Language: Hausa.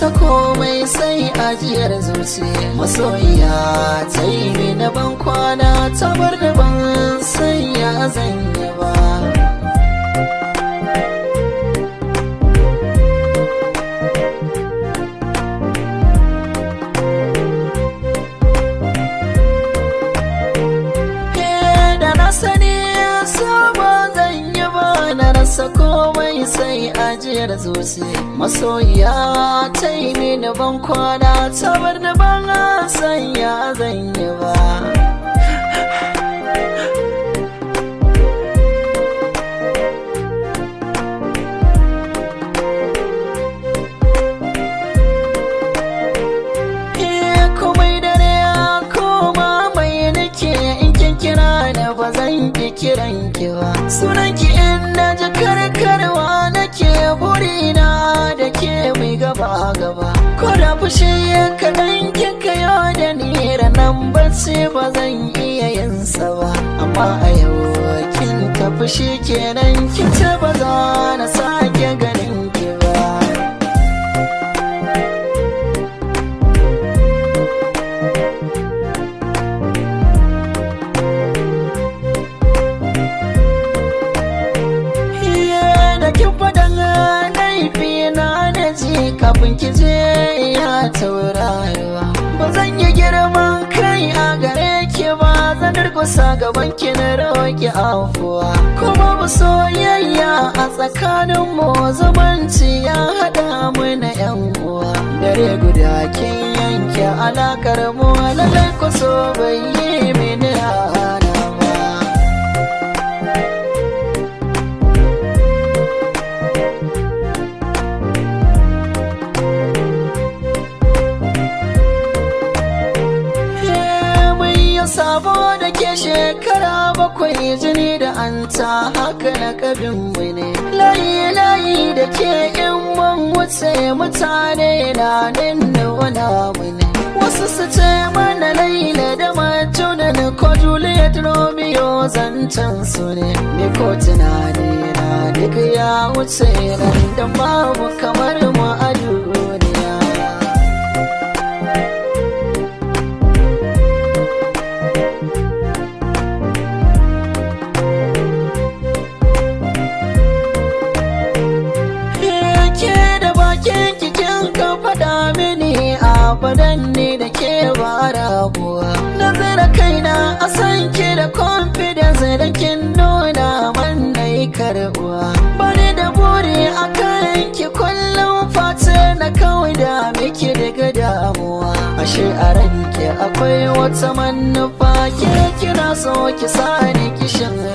Ta komai sai ajiyar zuci masoyiya ta yi na ban kwana ta bar da ban sanya zan yi ba komai sai ajiyar zuci masoyiya ta yi mini ban kwana bar da ban sanya zan yi ba yi eh, sunan ki fa gaba ko da fushi kaɗan kika yau da ni ranan barci ba zan iya yin sa ba amma a yau kin tafi fushi kenan kice ba za na sa kafin ki je ya taurariwa ba zan yi girma kai a gare ki ba zan durkusa gaban ki na roki afuwa kuma ba soyayya a tsakanin mu zumunci ya haɗa mu na yan uwa dare guda kin yanke alakar mu lalai ku so bai yi bakwai jini da an ta haka na kabin ne layi layi da ke yan man wuce mutane na nan da wana wasu su ce mana laila da majuna na ko juliet romeo zancen su ne ni ko tunani na duk ya wuce nan da babu kamar fadan ne da ke ba raguwa na zira kaina a san ki da confidence da kin nuna man yi karbuwa bari da buri a kan ki kullum fata na kawai da miki daga damuwa ashe a ranke akwai wata manufa ke kira so ki sani kishin